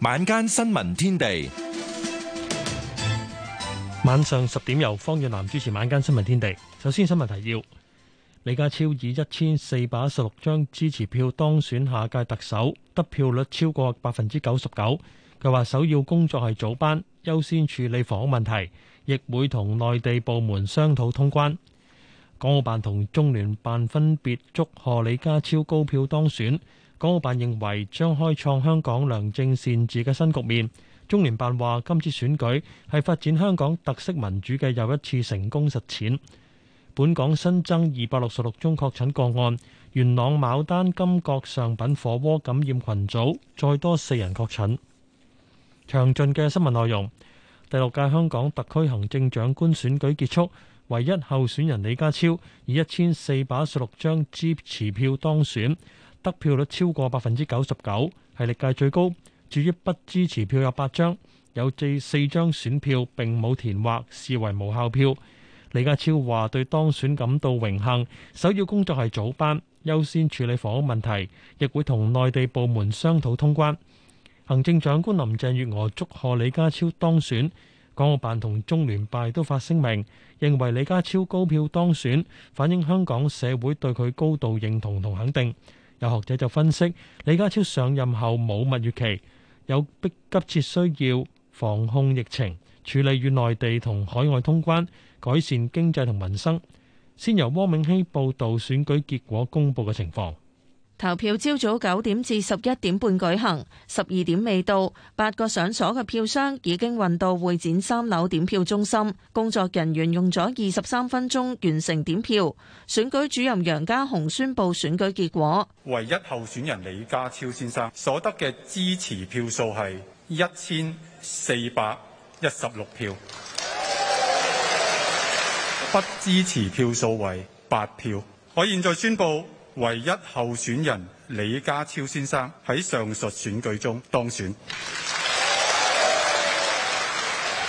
晚間新聞天地，晚上十點由方遠南主持。晚間新聞天地，首先新聞提要：李家超以一千四百一十六張支持票當選下屆特首，得票率超過百分之九十九。佢話首要工作係早班，優先處理房屋問題，亦會同內地部門商討通關。港澳辦同中聯辦分別祝賀李家超高票當選。港澳辦認為將開創香港良政善治嘅新局面。中聯辦話，今次選舉係發展香港特色民主嘅又一次成功實踐。本港新增二百六十六宗確診個案，元朗牡丹金閣上品火鍋感染群組再多四人確診。詳盡嘅新聞內容，第六屆香港特區行政長官選舉結束，唯一候選人李家超以一千四百十六張支持票當選，得票率超過百分之九十九，係歷屆最高。至於不支持票有八張，有至四張選票並冇填畫，視為無效票。李家超話：對當選感到榮幸，首要工作係早班，優先處理房屋問題，亦會同內地部門商討通關。行政長官林鄭月娥祝賀李家超當選，港澳辦同中聯辦都發聲明，認為李家超高票當選反映香港社會對佢高度認同同肯定。有學者就分析，李家超上任後冇蜜月期，有迫急切需要防控疫情、處理與內地同海外通關、改善經濟同民生。先由汪明熙報道選舉結果公布嘅情況。投票朝早九點至十一點半舉行，十二點未到，八個上鎖嘅票箱已經運到會展三樓點票中心。工作人員用咗二十三分鐘完成點票。選舉主任楊家雄宣布選舉結果：唯一候選人李家超先生所得嘅支持票數係一千四百一十六票，不支持票數為八票。我現在宣布，唯一候選人李家超先生喺上述選舉中當選。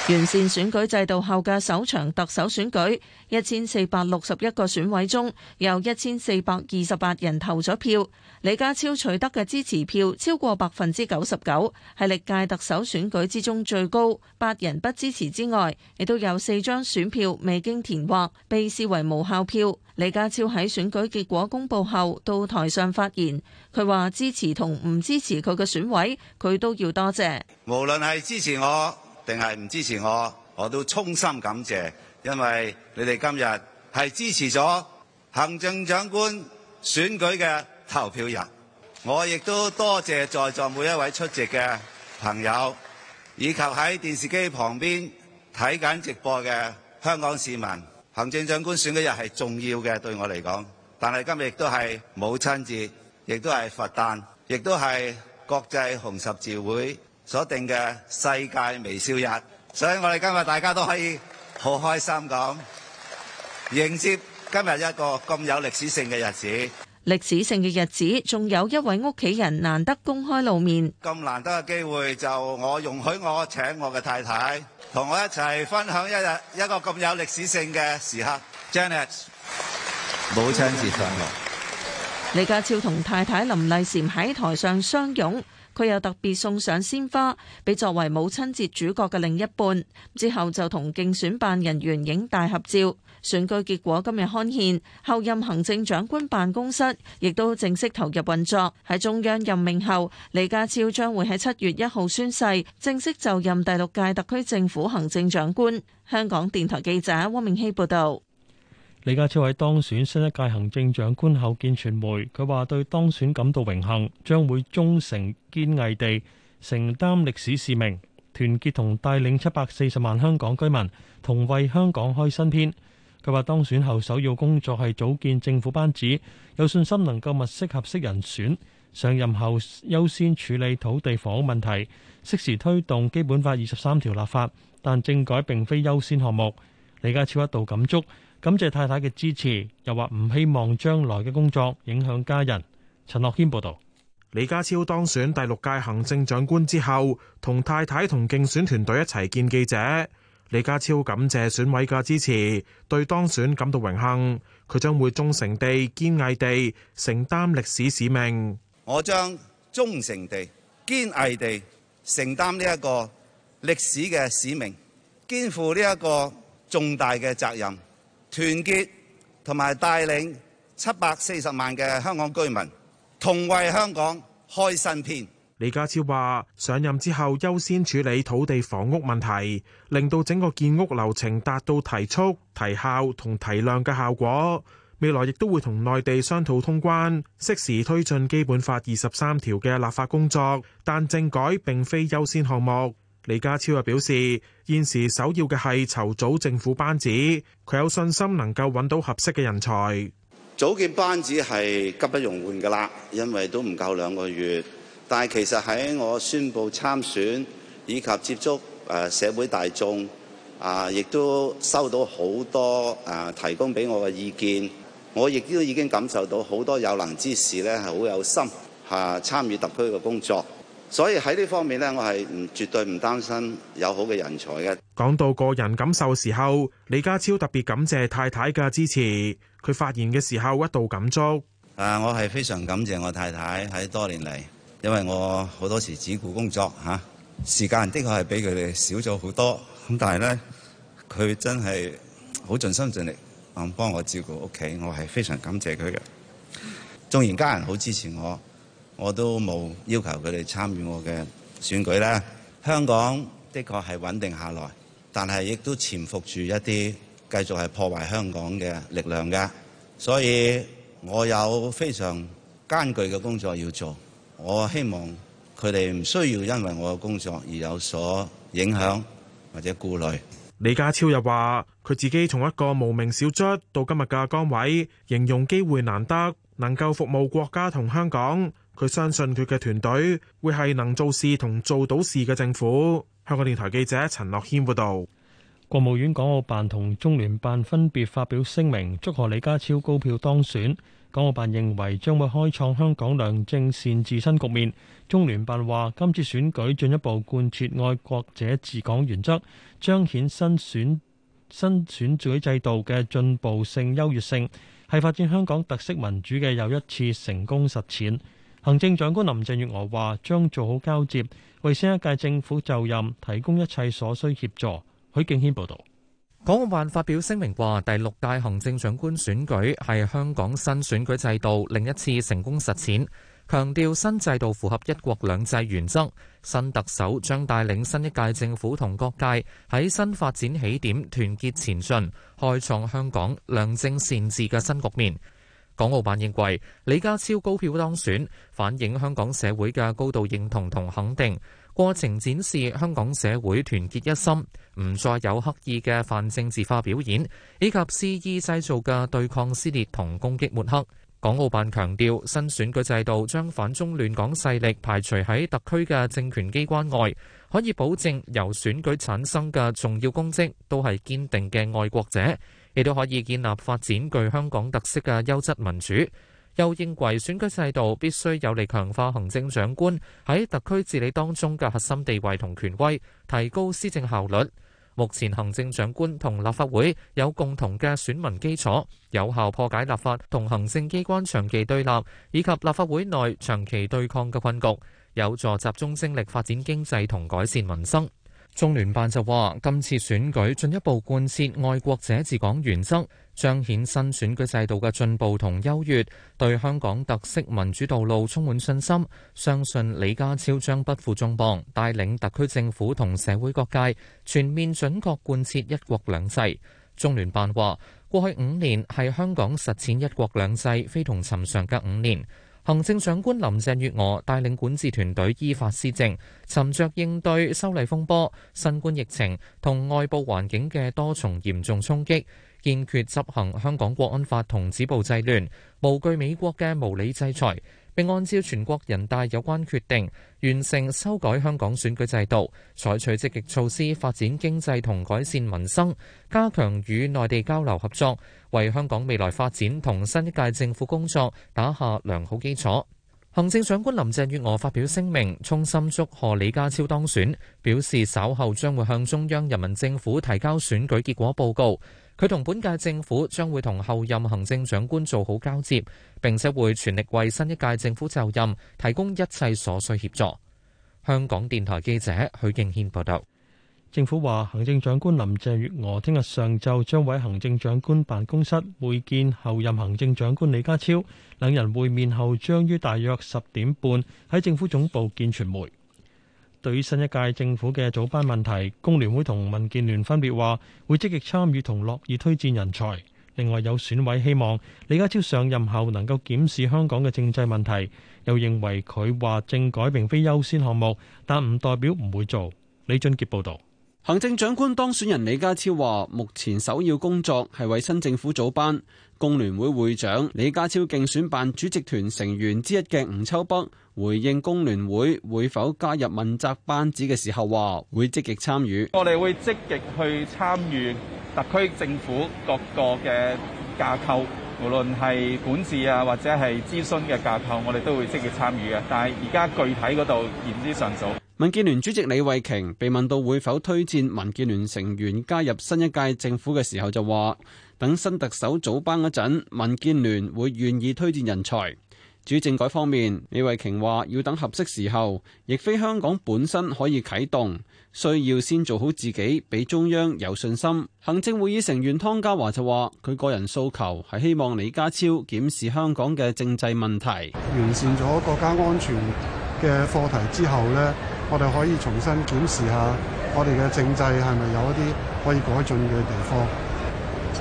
完善選舉制度後嘅首場特首選舉，一千四百六十一個選委中，有一千四百二十八人投咗票。李家超取得嘅支持票超過百分之九十九，係歷屆特首選舉之中最高。八人不支持之外，亦都有四張選票未經填劃，被視為無效票。李家超喺選舉結果公佈後到台上發言，佢話支持同唔支持佢嘅選委，佢都要多謝。無論係支持我，定係唔支持我，我都衷心感謝，因為你哋今日係支持咗行政長官選舉嘅投票人。我亦都多謝在座每一位出席嘅朋友，以及喺電視機旁邊睇緊直播嘅香港市民。行政長官選舉日係重要嘅，對我嚟講，但係今日亦都係母親節，亦都係佛誕，亦都係國際紅十字會所定嘅世界微笑日，所以我哋今日大家都可以好開心，噉迎接今日一個咁有歷史性嘅日子。歷史性嘅日子，仲有一位屋企人難得公開露面。咁難得嘅機會，就我容許我請我嘅太太同我一齊分享一日一個咁有歷史性嘅時刻。Janet，母 親節快樂！李家超同太太林麗嬋喺台上相擁。佢又特別送上鮮花俾作為母親節主角嘅另一半，之後就同競選辦人員影大合照。選舉結果今日刊憲，候任行政長官辦公室亦都正式投入運作。喺中央任命後，李家超將會喺七月一號宣誓，正式就任第六屆特區政府行政長官。香港電台記者汪明熙報導。李家超喺當選新一屆行政長官後見傳媒，佢話對當選感到榮幸，將會忠誠堅毅，毅地承擔歷史使命，團結同帶領七百四十萬香港居民同為香港開新篇。佢話當選後首要工作係組建政府班子，有信心能夠物色合適人選。上任後優先處理土地房屋問題，適時推動《基本法》二十三條立法，但政改並非優先項目。李家超一度感足。感謝太太嘅支持，又話唔希望將來嘅工作影響家人。陳樂軒報導，李家超當選第六屆行政長官之後，同太太同競選團隊一齊見記者。李家超感謝選委嘅支持，對當選感到榮幸。佢將會忠誠地、堅毅地承擔歷史使命。我將忠誠地、堅毅地承擔呢一個歷史嘅使命，肩負呢一個重大嘅責任。團結同埋帶領七百四十萬嘅香港居民，同為香港開新篇。李家超話：上任之後優先處理土地房屋問題，令到整個建屋流程達到提速、提效同提量嘅效果。未來亦都會同內地商討通關，適時推進《基本法》二十三條嘅立法工作。但政改並非優先項目。李家超啊表示，現時首要嘅係籌組政府班子，佢有信心能夠揾到合適嘅人才。組建班子係急不容緩噶啦，因為都唔夠兩個月。但係其實喺我宣布參選以及接觸誒社會大眾啊，亦都收到好多誒提供俾我嘅意見，我亦都已經感受到好多有能之士咧係好有心吓、啊、參與特區嘅工作。所以喺呢方面咧，我係唔絕對唔擔心有好嘅人才嘅。講到個人感受時候，李家超特別感謝太太嘅支持。佢發言嘅時候一度感觸啊，我係非常感謝我太太喺多年嚟，因為我好多時只顧工作吓、啊，時間的確係比佢哋少咗好多。咁但係咧，佢真係好盡心盡力啊、嗯，幫我照顧屋企，我係非常感謝佢嘅。縱然家人好支持我。我都冇要求佢哋參與我嘅選舉啦。香港的確係穩定下來，但係亦都潛伏住一啲繼續係破壞香港嘅力量㗎，所以我有非常艱巨嘅工作要做。我希望佢哋唔需要因為我嘅工作而有所影響或者顧慮。李家超又話：佢自己從一個無名小卒到今日嘅崗位，形容機會難得，能夠服務國家同香港。佢相信佢嘅團隊會係能做事同做到事嘅政府。香港電台記者陳樂軒報道，國務院港澳辦同中聯辦分別發表聲明，祝賀李家超高票當選。港澳辦認為將會開創香港良政善治新局面。中聯辦話，今次選舉進一步貫徹愛國者治港原則，彰顯新選新選舉制度嘅進步性、優越性，係發展香港特色民主嘅又一次成功實踐。行政長官林鄭月娥話：將做好交接，為新一屆政府就任提供一切所需協助。許敬軒報導。港澳辦發表聲明話：第六屆行政長官選舉係香港新選舉制度另一次成功實踐，強調新制度符合一國兩制原則。新特首將帶領新一屆政府同各界喺新發展起點團結前進，開創香港良政善治嘅新局面。港澳辦認為，李家超高票當選，反映香港社會嘅高度認同同肯定。過程展示香港社會團結一心，唔再有刻意嘅泛政治化表演，以及肆意製造嘅對抗撕裂同攻擊抹黑。港澳辦強調，新選舉制度將反中亂港勢力排除喺特區嘅政權機關外，可以保證由選舉產生嘅重要公職都係堅定嘅愛國者。亦都可以建立發展具香港特色嘅優質民主。又認為選舉制度必須有力強化行政長官喺特區治理當中嘅核心地位同權威，提高施政效率。目前行政長官同立法會有共同嘅選民基礎，有效破解立法同行政機關長期對立，以及立法會內長期對抗嘅困局，有助集中精力發展經濟同改善民生。中聯辦就話：今次選舉進一步貫徹愛國者治港原則，彰顯新選舉制度嘅進步同優越，對香港特色民主道路充滿信心，相信李家超將不負眾望，帶領特區政府同社會各界全面準確貫徹一國兩制。中聯辦話：過去五年係香港實踐一國兩制非同尋常嘅五年。行政長官林鄭月娥帶領管治團隊依法施政，沉着應對修例風波、新冠疫情同外部環境嘅多重嚴重衝擊，堅決執行香港國安法同止暴制亂，無懼美國嘅無理制裁。並按照全國人大有關決定，完成修改香港選舉制度，採取積極措施發展經濟同改善民生，加強與內地交流合作，為香港未來發展同新一屆政府工作打下良好基礎。行政長官林鄭月娥發表聲明，衷心祝賀李家超當選，表示稍後將會向中央人民政府提交選舉結果報告。佢同本屆政府將會同後任行政長官做好交接，並且會全力為新一屆政府就任提供一切所需協助。香港電台記者許敬軒報道。政府話，行政長官林鄭月娥聽日上晝將喺行政長官辦公室會見後任行政長官李家超，兩人會面後將於大約十點半喺政府總部見傳媒。對於新一屆政府嘅早班問題，工聯會同民建聯分別話會積極參與同樂意推薦人才。另外有選委希望李家超上任後能夠檢視香港嘅政制問題，又認為佢話政改並非優先項目，但唔代表唔會做。李俊杰報道。行政長官當選人李家超話：目前首要工作係為新政府組班。工聯會會長李家超競選辦主席團成員之一嘅吳秋北回應工聯會會否加入問責班子嘅時候話：會積極參與。我哋會積極去參與特區政府各個嘅架構，無論係管治啊或者係諮詢嘅架構，我哋都會積極參與嘅。但係而家具體嗰度言之尚早。民建聯主席李慧瓊被問到會否推薦民建聯成員加入新一屆政府嘅時候，就話等新特首組班嗰陣，民建聯會願意推薦人才。主政改方面，李慧瓊話要等合適時候，亦非香港本身可以啟動，需要先做好自己，俾中央有信心。行政會議成員湯家驊就話，佢個人訴求係希望李家超檢視香港嘅政制問題，完善咗國家安全嘅課題之後呢。我哋可以重新檢視下我哋嘅政制係咪有一啲可以改進嘅地方，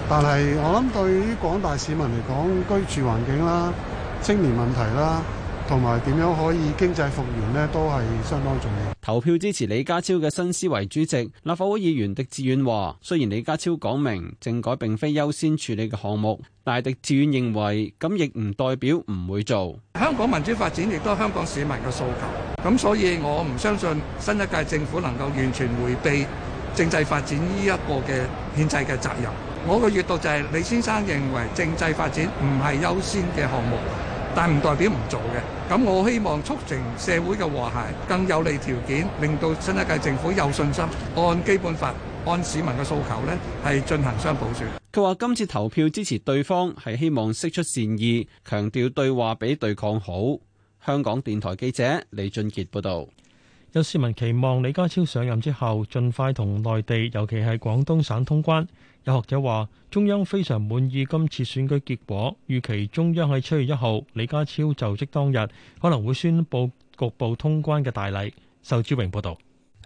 但係我諗對於廣大市民嚟講，居住環境啦、青年問題啦。同埋點樣可以經濟復原咧，都係相當重要。投票支持李家超嘅新思維主席立法會議員狄志遠話雖然李家超講明政改並非優先處理嘅項目，但係狄志遠認為，咁亦唔代表唔會做。香港民主發展亦都係香港市民嘅訴求，咁所以我唔相信新一屆政府能夠完全迴避政制發展呢一個嘅憲制嘅責任。我嘅閱讀就係李先生認為政制發展唔係優先嘅項目，但唔代表唔做嘅。咁我希望促成社會嘅和諧，更有利條件，令到新一屆政府有信心按基本法、按市民嘅訴求呢係進行雙普選。佢話今次投票支持對方係希望釋出善意，強調對話比對抗好。香港電台記者李俊傑報導。有市民期望李家超上任之後，盡快同內地，尤其係廣東省通關。有學者話，中央非常滿意今次選舉結果，預期中央喺七月一號李家超就職當日可能會宣布局部通關嘅大禮。仇志榮報導。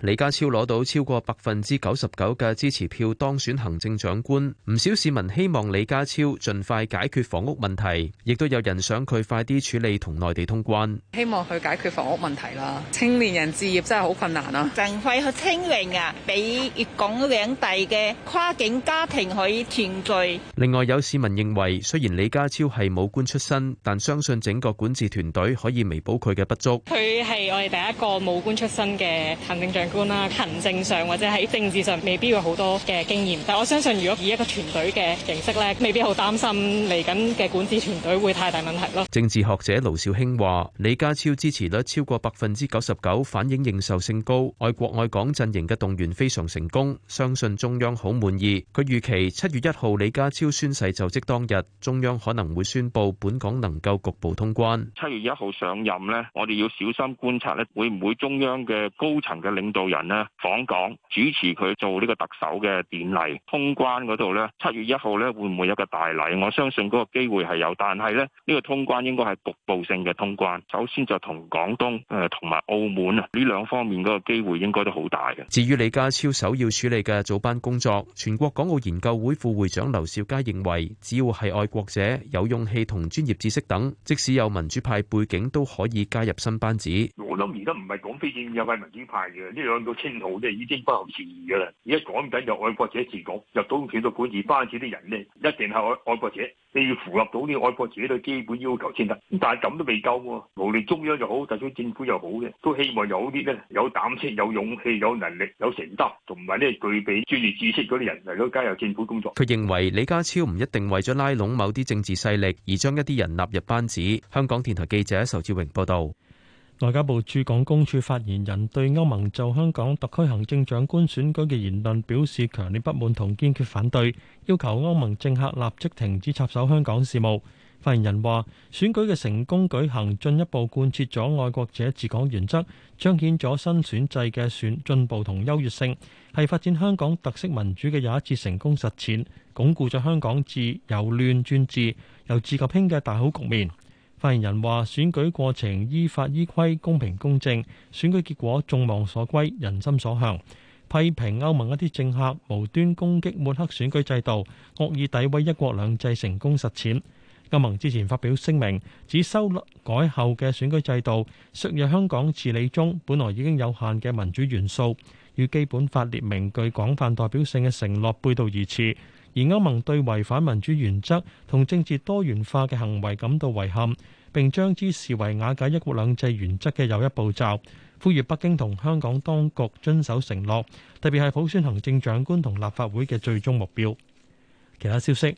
李家超攞到超過百分之九十九嘅支持票當選行政長官，唔少市民希望李家超盡快解決房屋問題，亦都有人想佢快啲處理同內地通關。希望佢解決房屋問題啦，青年人置業真係好困難啊！淨係去清明啊，俾粵港兩地嘅跨境家庭可以團聚。另外有市民認為，雖然李家超係武官出身，但相信整個管治團隊可以彌補佢嘅不足。佢係我哋第一個武官出身嘅行政長官啦，行政上或者喺政治上未必要好多嘅經驗，但係我相信，如果以一個團隊嘅形式咧，未必好擔心嚟緊嘅管治團隊會太大問題咯。政治學者盧兆興話：李家超支持率超過百分之九十九，反映認受性高，愛國愛港陣營嘅動員非常成功，相信中央好滿意。佢預期七月一號李家超宣誓就職當日，中央可能會宣布本港能夠局部通關。七月一號上任咧，我哋要小心觀察咧，會唔會中央嘅高層嘅領導？做人呢訪港主持佢做呢個特首嘅典禮，通關嗰度咧，七月一號咧會唔會有個大禮？我相信嗰個機會係有，但係咧呢個通關應該係局部性嘅通關，首先就同廣東誒同埋澳門啊呢兩方面嗰個機會應該都好大嘅。至於李家超首要處理嘅組班工作，全國港澳研究會副會長劉兆佳認為，只要係愛國者、有勇氣同專業知識等，即使有民主派背景都可以加入新班子。我諗而家唔係講非議有位民主派嘅，兩個稱號呢已經不合時宜噶啦，而家講緊就愛國者治國，由東田到管治班子啲人呢，一定係愛愛國者，你要符合到啲愛國者嘅基本要求先得。但係咁都未夠喎，無論中央又好，特區政府又好嘅，都希望有啲呢，有膽識、有勇氣、有能力、有承擔，同埋呢具備專業知識嗰啲人嚟到加入政府工作。佢認為李家超唔一定為咗拉攏某啲政治勢力而將一啲人納入班子。香港電台記者仇志榮報道。外交部駐港公署發言人對歐盟就香港特區行政長官選舉嘅言論表示強烈不滿同堅決反對，要求歐盟政客立即停止插手香港事務。發言人話：選舉嘅成功舉行，進一步貫徹咗愛國者治港原則，彰顯咗新選制嘅選進步同優越性，係發展香港特色民主嘅又一次成功實踐，鞏固咗香港自由、亂轉治、由治及興嘅大好局面。發言人話：選舉過程依法依規、公平公正，選舉結果眾望所歸、人心所向。批評歐盟一啲政客無端攻擊抹黑選舉制度，惡意詆毀一國兩制成功實踐。歐盟之前發表聲明，指修改後嘅選舉制度削弱香港治理中本來已經有限嘅民主元素，與基本法列明具廣泛代表性嘅承諾背道而馳。而歐盟對違反民主原則同政治多元化嘅行為感到遺憾，並將之視為瓦解一國兩制原則嘅又一步驟，呼籲北京同香港當局遵守承諾，特別係普選行政長官同立法會嘅最終目標。其他消息：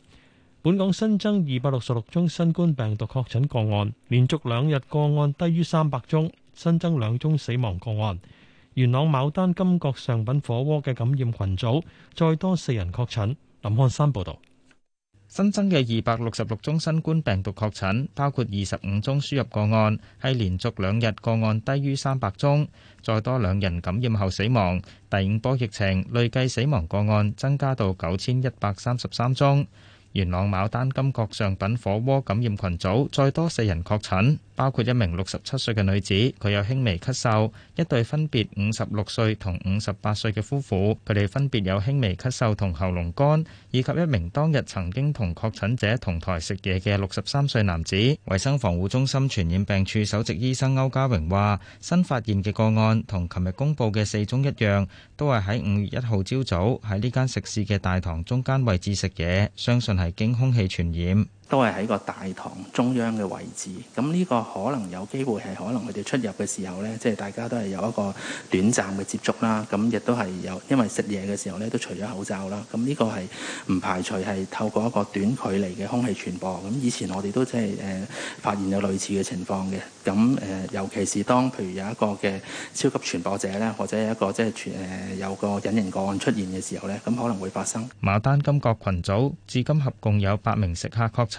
本港新增二百六十六宗新冠病毒確診個案，連續兩日個案低於三百宗，新增兩宗死亡個案。元朗牡丹金閣上品火鍋嘅感染群組，再多四人確診。林漢山報道：新增嘅二百六十六宗新冠病毒確診，包括二十五宗輸入個案，係連續兩日個案低於三百宗。再多兩人感染後死亡，第五波疫情累計死亡個案增加到九千一百三十三宗。元朗牡丹金閣上品火鍋感染群組再多四人確診，包括一名六十七歲嘅女子，佢有輕微咳嗽；一對分別五十六歲同五十八歲嘅夫婦，佢哋分別有輕微咳嗽同喉嚨乾；以及一名當日曾經同確診者同台食嘢嘅六十三歲男子。衛生防護中心傳染病處首席醫生歐家榮話：新發現嘅個案同琴日公佈嘅四宗一樣，都係喺五月一號朝早喺呢間食肆嘅大堂中間位置食嘢，相信係經空氣傳染。都係喺個大堂中央嘅位置，咁呢個可能有機會係可能佢哋出入嘅時候咧，即係大家都係有一個短暫嘅接觸啦，咁亦都係有，因為食嘢嘅時候咧都除咗口罩啦，咁呢個係唔排除係透過一個短距離嘅空氣傳播。咁以前我哋都即係誒發現有類似嘅情況嘅，咁誒尤其是當譬如有一個嘅超級傳播者咧，或者一個即係傳誒有個隱形個案出現嘅時候咧，咁可能會發生。馬丹金國群組至今合共有八名食客確診。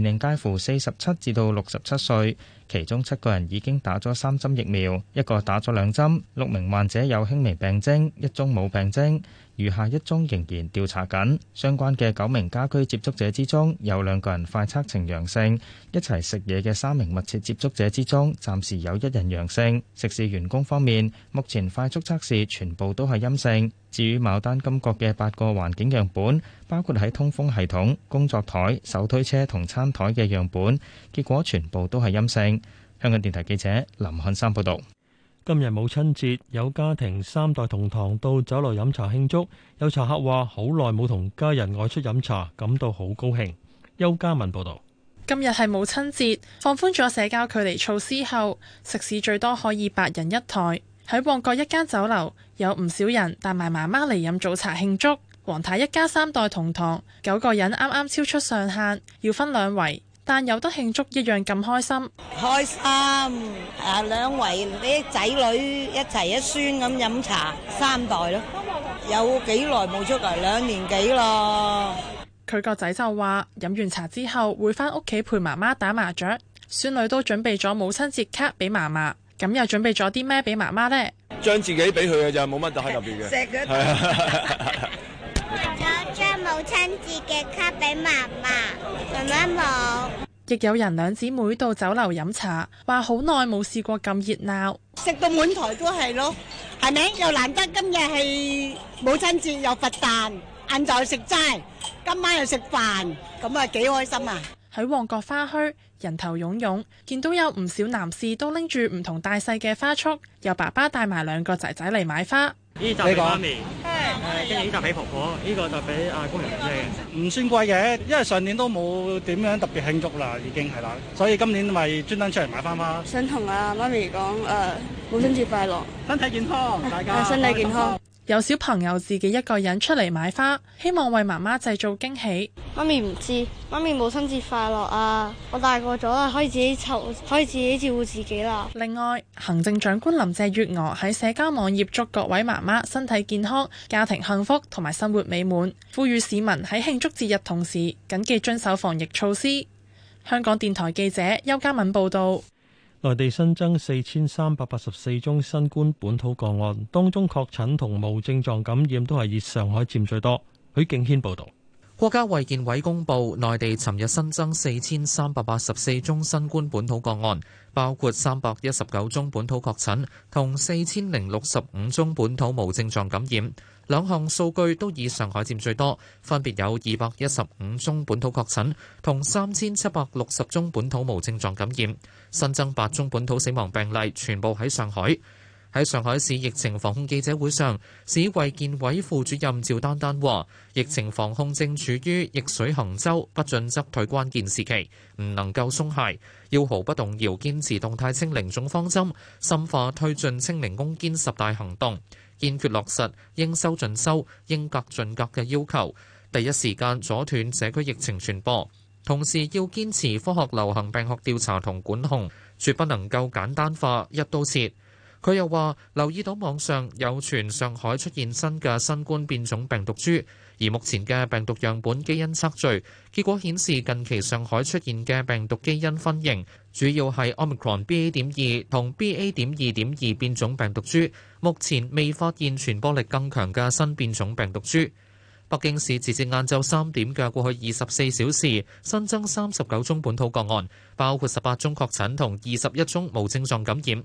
年齡介乎四十七至到六十七歲，其中七個人已經打咗三針疫苗，一個打咗兩針，六名患者有輕微病徵，一宗冇病徵，餘下一宗仍然調查緊。相關嘅九名家居接觸者之中，有兩個人快測呈陽性，一齊食嘢嘅三名密切接觸者之中，暫時有一人陽性。食肆員工方面，目前快速測試全部都係陰性。至於牡丹金閣嘅八個環境樣本，包括喺通風系統、工作台、手推車同餐台嘅樣本，結果全部都係陰性。香港電台記者林漢山報道。今日母親節，有家庭三代同堂到酒樓飲茶慶祝。有茶客話：好耐冇同家人外出飲茶，感到好高興。邱家文報道。今日係母親節，放寬咗社交距離措施後，食肆最多可以八人一台，喺旺角一間酒樓，有唔少人帶埋媽媽嚟飲早茶慶祝。王太一家三代同堂，九個人啱啱超出上限，要分兩圍，但有得慶祝一樣咁開心。開心啊！兩圍啲仔女一齊一孫咁飲茶，三代咯。有幾耐冇出嚟？兩年幾咯。佢個仔就話：飲完茶之後會返屋企陪媽媽打麻雀。孫女都準備咗母親節卡俾媽媽，咁又準備咗啲咩俾媽媽呢？將自己俾佢嘅就冇乜得喺入邊嘅。 一 母親節嘅卡俾媽媽，媽媽冇。亦有人兩姊妹到酒樓飲茶，話好耐冇試過咁熱鬧，食到滿台都係咯，係咪？又難得今日係母親節又佛誕，晏晝食齋，今晚又食飯，咁咪幾開心啊！喺旺角花墟，人頭涌湧，見到有唔少男士都拎住唔同大細嘅花束，由爸爸帶埋兩個仔仔嚟買花。呢就俾媽咪，係、嗯，誒、嗯，跟住呢就俾婆婆，呢、嗯、個就俾阿姑姐。唔算貴嘅，因為上年都冇點樣特別慶祝啦，已經係啦，所以今年咪專登出嚟買翻花。想同阿、啊、媽咪講，誒、呃，母親節快樂，身體健康，大家、啊、身體健康。家有小朋友自己一個人出嚟買花，希望為媽媽製造驚喜。媽咪唔知，媽咪母親節快樂啊！我大個咗啦，可以自己湊，可以自己照顧自己啦。另外，行政長官林鄭月娥喺社交網頁祝各位媽媽身體健康、家庭幸福同埋生活美滿，呼籲市民喺慶祝節日同時緊記遵守防疫措施。香港電台記者邱家敏報道。內地新增四千三百八十四宗新冠本土個案，當中確診同無症狀感染都係以上海佔最多。許敬軒報道，國家衛健委公布內地尋日新增四千三百八十四宗新冠本土個案，包括三百一十九宗本土確診同四千零六十五宗本土無症狀感染。兩項數據都以上海佔最多，分別有二百一十五宗本土確診同三千七百六十宗本土無症狀感染。新增八宗本土死亡病例，全部喺上海。喺上海市疫情防控記者會上，市衛健委副主任趙丹丹話：疫情防控正處於逆水行舟、不進則退關鍵時期，唔能夠鬆懈，要毫不動搖堅持動態清零總方針，深化推進清零攻堅十大行動。堅決落實應收盡收、應隔盡隔嘅要求，第一時間阻斷社區疫情傳播。同時要堅持科學流行病學調查同管控，絕不能夠簡單化、一刀切。佢又話留意到網上有傳上海出現新嘅新冠變種病毒株。而目前嘅病毒樣本基因測序結果顯示，近期上海出現嘅病毒基因分型主要係 OmicronBA 點二同 BA 點二點二變種病毒株，目前未發現傳播力更強嘅新變種病毒株。北京市截至晏晝三點嘅過去二十四小時新增三十九宗本土個案，包括十八宗確診同二十一宗無症狀感染。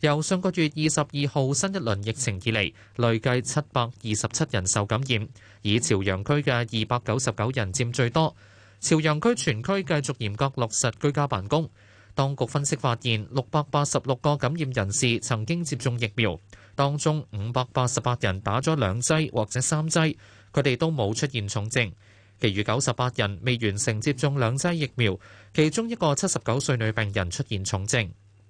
由上個月二十二號新一輪疫情以嚟，累計七百二十七人受感染，以朝陽區嘅二百九十九人佔最多。朝陽區全區繼續嚴格落實居家辦公。當局分析發現，六百八十六個感染人士曾經接種疫苗，當中五百八十八人打咗兩劑或者三劑，佢哋都冇出現重症。其餘九十八人未完成接種兩劑疫苗，其中一個七十九歲女病人出現重症。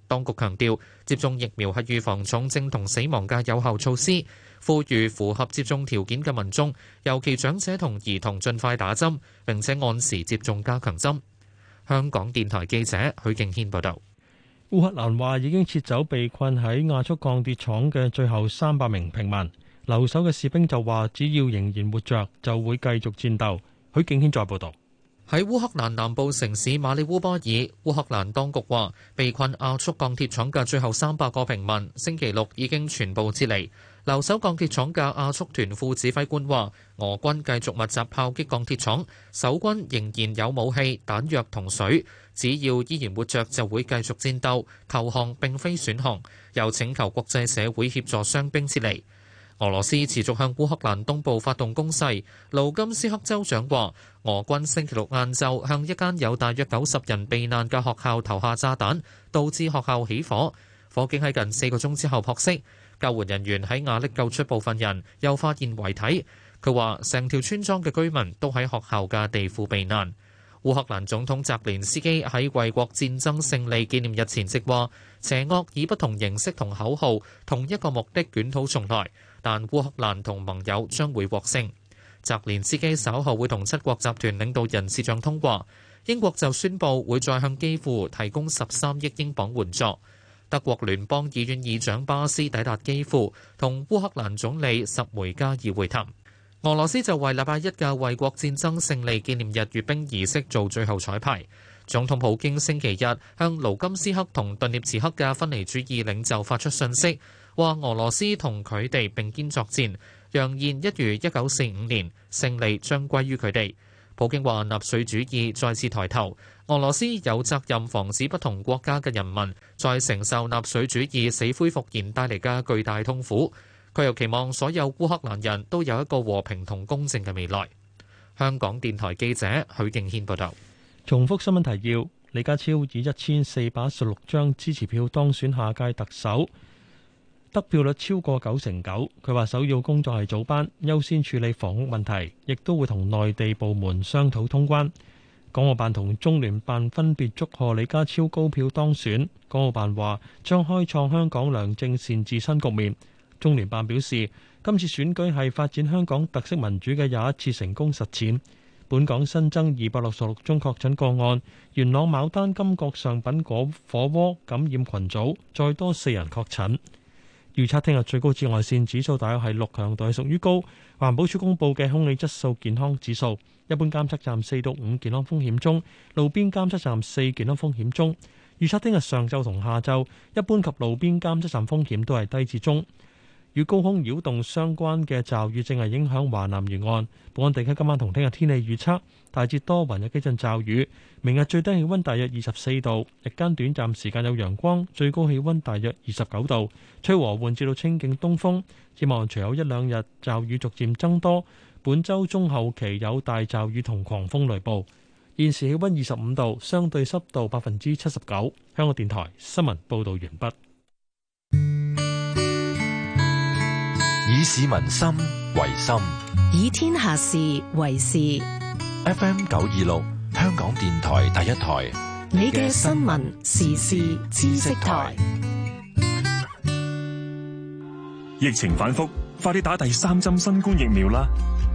當局強調，接種疫苗係預防重症同死亡嘅有效措施，呼籲符合接種條件嘅民眾，尤其長者同兒童，盡快打針，並且按時接種加強針。香港電台記者許敬軒報道。烏克蘭話已經撤走被困喺亞速鋼鐵廠嘅最後三百名平民，留守嘅士兵就話只要仍然活着就會繼續戰鬥。許敬軒再報道。喺烏克蘭南部城市馬里烏波爾，烏克蘭當局話，被困亞速鋼鐵廠嘅最後三百個平民，星期六已經全部撤離。留守鋼鐵廠嘅亞速團副指揮官話：俄軍繼續密集炮擊鋼鐵廠，守軍仍然有武器、彈藥同水，只要依然活着就會繼續戰鬥。投降並非選項，又請求國際社會協助傷兵撤離。俄羅斯持續向烏克蘭東部發動攻勢。盧金斯克州長話，俄軍星期六晏晝向一間有大約九十人避難嘅學校投下炸彈，導致學校起火。火警喺近四個鐘之後撲熄，救援人員喺瓦礫救出部分人，又發現遺體。佢話成條村莊嘅居民都喺學校嘅地庫避難。烏克蘭總統澤連斯基喺衛國戰爭勝利紀念日前夕話：邪惡以不同形式同口號，同一個目的捲土重來，但烏克蘭同盟友將會獲勝。澤連斯基稍後會同七國集團領導人視像通話。英國就宣布會再向基輔提供十三億英鎊援助。德國聯邦議院議長巴斯抵達基輔，同烏克蘭總理什梅加爾會談。俄羅斯就為禮拜一嘅衛國戰爭勝利紀念日閱兵儀式做最後彩排。總統普京星期日向盧甘斯克同頓涅茨克嘅分離主義領袖發出信息，話俄羅斯同佢哋並肩作戰，揚言一如一九四五年，勝利將歸於佢哋。普京話，納粹主義再次抬頭，俄羅斯有責任防止不同國家嘅人民再承受納粹主義死灰復燃帶嚟嘅巨大痛苦。佢又期望所有烏克蘭人都有一個和平同公正嘅未來。香港電台記者許敬軒報道。重複新聞提要：李家超以一千四百一十六張支持票當選下屆特首，得票率超過九成九。佢話首要工作係早班，優先處理房屋問題，亦都會同內地部門商討通關。港澳辦同中聯辦分別祝賀李家超高票當選。港澳辦話將開創香港良政善治新局面。中聯辦表示，今次選舉係發展香港特色民主嘅又一次成功實踐。本港新增二百六十六宗確診個案，元朗牡丹金閣上品果火鍋感染群組再多四人確診。預測聽日最高紫外線指數大約係六強度，係屬於高。環保署公佈嘅空氣質素健康指數，一般監測站四到五健康風險中，路邊監測站四健康風險中。預測聽日上晝同下晝，一般及路邊監測站風險都係低至中。與高空擾動相關嘅驟雨正係影響華南沿岸。本港地區今晚同聽日天氣預測，大致多雲，有幾陣驟雨，明日最低氣溫大約二十四度，日間短暫時間有陽光，最高氣溫大約二十九度，吹和緩至到清勁東風。展望隨後一兩日驟雨逐漸增多，本周中後期有大驟雨同狂風雷暴。現時氣溫二十五度，相對濕度百分之七十九。香港電台新聞報道完畢。以市民心為心，以天下事為事。FM 九二六，香港電台第一台。你嘅新聞時事知識台。疫情反覆，快啲打第三針新冠疫苗啦！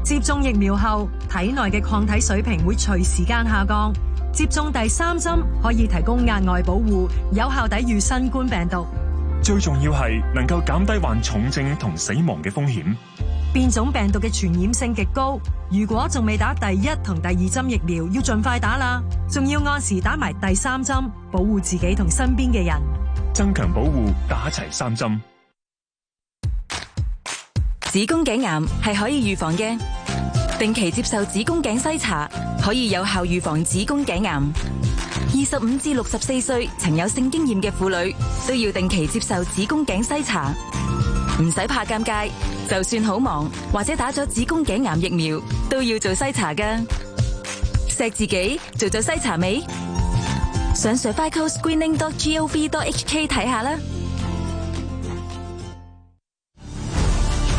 接種疫苗後，體內嘅抗體水平會隨時間下降。接種第三針可以提供額外保護，有效抵禦新冠病毒。最重要係能夠減低患重症同死亡嘅風險。變種病毒嘅傳染性極高，如果仲未打第一同第二針疫苗，要盡快打啦！仲要按時打埋第三針，保護自己同身邊嘅人。增強保護，打齊三針。子宮頸癌係可以預防嘅，定期接受子宮頸篩查，可以有效預防子宮頸癌。二十五至六十四歲曾有性經驗嘅婦女都要定期接受子宮頸篩查，唔使怕尷尬。就算好忙或者打咗子宮頸癌疫苗，都要做篩查㗎。錫自己做咗篩查未？上 cervical screening dot gov dot hk 睇下啦。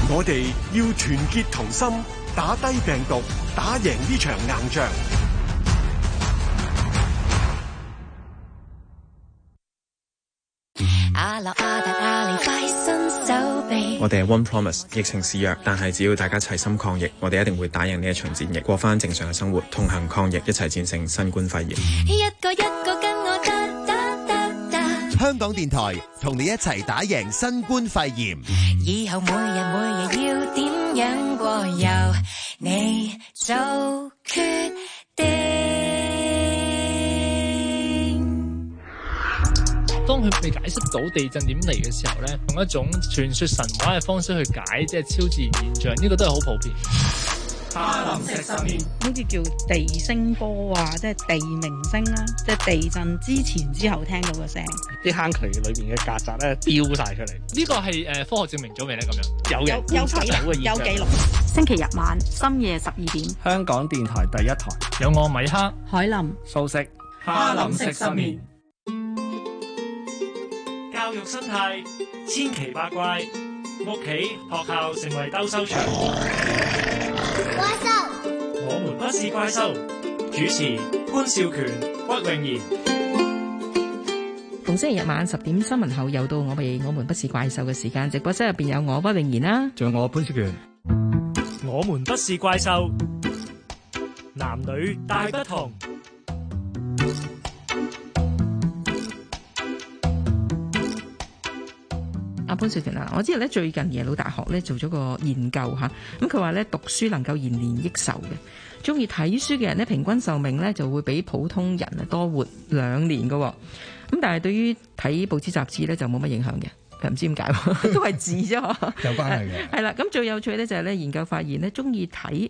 我哋要團結同心，打低病毒，打贏呢場硬仗。我哋係 One Promise，疫情肆虐，但係只要大家齊心抗疫，我哋一定會打贏呢一場戰役，過翻正常嘅生活，同行抗疫，一齊戰勝新冠肺炎。一個一個跟我得得得得，打打打打，香港電台同你一齊打贏新冠肺炎。以後每日每日要點樣過，由你做決。當佢未解釋到地震點嚟嘅時候咧，用一種傳說神話嘅方式去解，即係超自然現象，呢、這個都係好普遍。哈林石失眠，好似叫地聲波啊，即係地鳴聲啦，即係地震之前之後聽到嘅聲。啲坑渠裏，裏面嘅曱甴咧，飆晒出嚟。呢 個係誒、呃、科學證明咗未咧？咁樣有有有記錄，星期日晚深夜十二點，香港電台第一台有我米克、海林、素食。哈林石失眠。生態千奇百怪，屋企學校成為鬥獸場。怪獸，我們不是怪獸。主持潘少權、屈穎妍。逢星期日晚十點新聞後，又到我哋我們不是怪獸嘅時間。直播室入邊有我屈穎妍啦，仲有我潘少權。我們不是怪獸，男女大不同。嗯、我知咧，最近耶魯大學咧做咗個研究吓。咁佢話咧讀書能夠延年益壽嘅，中意睇書嘅人咧平均壽命咧就會比普通人啊多活兩年噶。咁、啊、但係對於睇報紙雜誌咧就冇乜影響嘅，唔知點解 都係字啫嗬，有關係嘅。係啦，咁最有趣咧就係咧研究發現咧，中意睇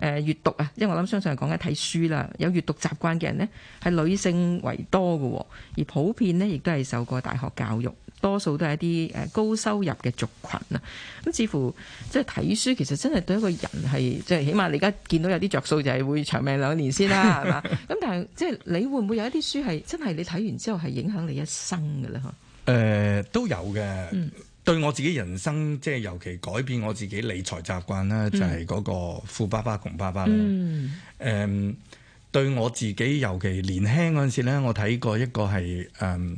誒閱讀啊，因為我諗相信係講緊睇書啦，有閱讀習慣嘅人呢，係女性為多噶，而普遍呢亦都係受過大學教育。多數都係一啲誒高收入嘅族群，啊，咁似乎即係睇書其實真係對一個人係即係起碼你而家見到有啲着數就係會長命兩年先啦，係嘛？ 咁但係即係你會唔會有一啲書係真係你睇完之後係影響你一生嘅咧？嗬、呃？誒都有嘅，嗯、對我自己人生即係尤其改變我自己理財習慣啦，就係、是、嗰個富爸爸窮爸爸啦。誒、嗯呃、對我自己尤其年輕嗰陣時咧，我睇過一個係誒。嗯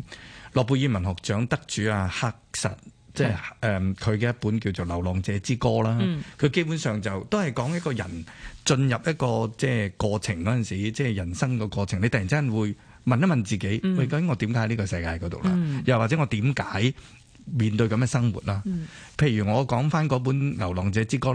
諾貝爾文學獎得主啊，克什，即係誒，佢、嗯、嘅一本叫做《流浪者之歌》啦。佢、嗯、基本上就都係講一個人進入一個即係過程嗰陣時，即、就、係、是、人生嘅過程。你突然之間會問一問自己：嗯、喂，究竟我點解喺呢個世界度啦？嗯、又或者我點解面對咁嘅生活啦？嗯、譬如我講翻本《流浪者之歌》。